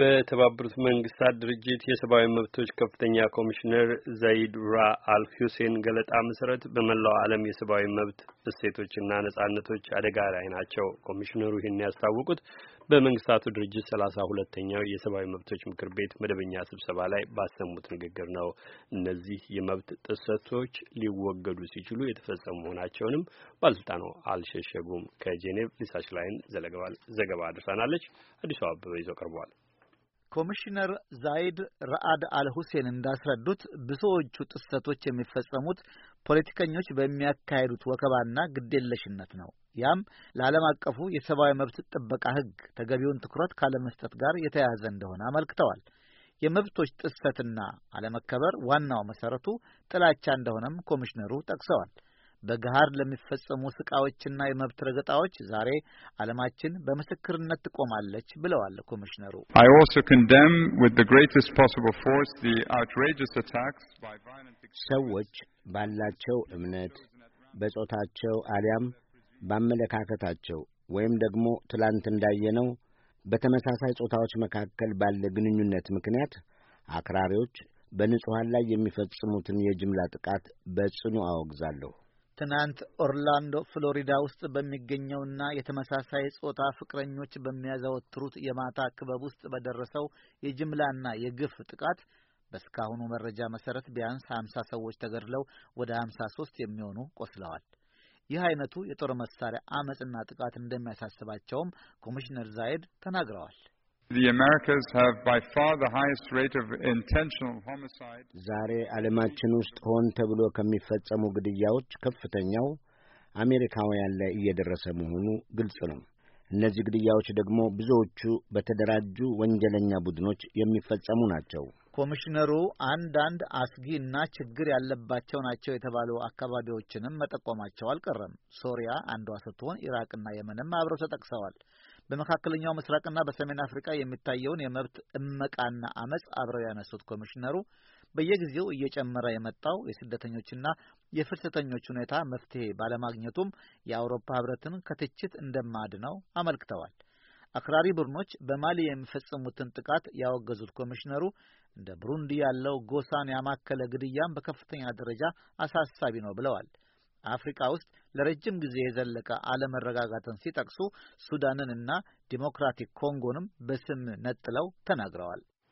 በተባበሩት መንግስታት ድርጅት የሰብአዊ መብቶች ከፍተኛ ኮሚሽነር ዘይድ ራ አል ሁሴን ገለጣ መሰረት በመላው ዓለም የሰብአዊ መብት እሴቶችና ነጻነቶች አደጋ ላይ ናቸው። ኮሚሽነሩ ይህን ያስታወቁት በመንግስታቱ ድርጅት ሰላሳ ሁለተኛው የሰብአዊ መብቶች ምክር ቤት መደበኛ ስብሰባ ላይ ባሰሙት ንግግር ነው። እነዚህ የመብት ጥሰቶች ሊወገዱ ሲችሉ የተፈጸሙ መሆናቸውንም ባለስልጣኑ አልሸሸጉም። ከጄኔቭ ሊሳሽ ላይን ዘገባ አድርሳናለች። አዲሱ አበበ ይዞ ቀርቧል። ኮሚሽነር ዛይድ ረአድ አልሁሴን እንዳስረዱት ብዙዎቹ ጥሰቶች የሚፈጸሙት ፖለቲከኞች በሚያካሄዱት ወከባና ግዴለሽነት ነው። ያም ለዓለም አቀፉ የሰብአዊ መብት ጥበቃ ሕግ ተገቢውን ትኩረት ካለመስጠት ጋር የተያያዘ እንደሆነ አመልክተዋል። የመብቶች ጥሰትና አለመከበር ዋናው መሰረቱ ጥላቻ እንደሆነም ኮሚሽነሩ ጠቅሰዋል። በገሃድ ለሚፈጸሙ ስቃዎችና የመብት ረገጣዎች ዛሬ ዓለማችን በምስክርነት ትቆማለች ብለዋል ኮሚሽነሩ። ሰዎች ባላቸው እምነት፣ በጾታቸው አሊያም በአመለካከታቸው ወይም ደግሞ ትላንት እንዳየነው በተመሳሳይ ጾታዎች መካከል ባለ ግንኙነት ምክንያት አክራሪዎች በንጹሐን ላይ የሚፈጽሙትን የጅምላ ጥቃት በጽኑ አወግዛለሁ። ትናንት ኦርላንዶ ፍሎሪዳ ውስጥ በሚገኘውና የተመሳሳይ ጾታ ፍቅረኞች በሚያዘወትሩት የማታ ክበብ ውስጥ በደረሰው የጅምላና የግፍ ጥቃት በእስካሁኑ መረጃ መሰረት ቢያንስ ሀምሳ ሰዎች ተገድለው ወደ ሀምሳ ሶስት የሚሆኑ ቆስለዋል። ይህ አይነቱ የጦር መሳሪያ አመፅና ጥቃት እንደሚያሳስባቸውም ኮሚሽነር ዛይድ ተናግረዋል። ዛሬ ዓለማችን ውስጥ ሆን ተብሎ ከሚፈጸሙ ግድያዎች ከፍተኛው አሜሪካውያን ላይ እየደረሰ መሆኑ ግልጽ ነው። እነዚህ ግድያዎች ደግሞ ብዙዎቹ በተደራጁ ወንጀለኛ ቡድኖች የሚፈጸሙ ናቸው። ኮሚሽነሩ አንዳንድ አስጊ እና ችግር ያለባቸው ናቸው የተባሉ አካባቢዎችንም መጠቆማቸው አልቀረም። ሶሪያ አንዷ ስትሆን ኢራቅና የመንም አብረው ተጠቅሰዋል። በመካከለኛው ምስራቅና በሰሜን አፍሪካ የሚታየውን የመብት እመቃና አመጽ አብረው ያነሱት ኮሚሽነሩ በየጊዜው እየጨመረ የመጣው የስደተኞችና የፍልሰተኞች ሁኔታ መፍትሄ ባለማግኘቱም የአውሮፓ ህብረትን ከትችት እንደማድነው አመልክተዋል። አክራሪ ቡድኖች በማሊ የሚፈጽሙትን ጥቃት ያወገዙት ኮሚሽነሩ እንደ ብሩንዲ ያለው ጎሳን ያማከለ ግድያም በከፍተኛ ደረጃ አሳሳቢ ነው ብለዋል። አፍሪካ ውስጥ ለረጅም ጊዜ የዘለቀ አለመረጋጋትን ሲጠቅሱ ሱዳንንና ዲሞክራቲክ ኮንጎንም በስም ነጥለው ተናግረዋል።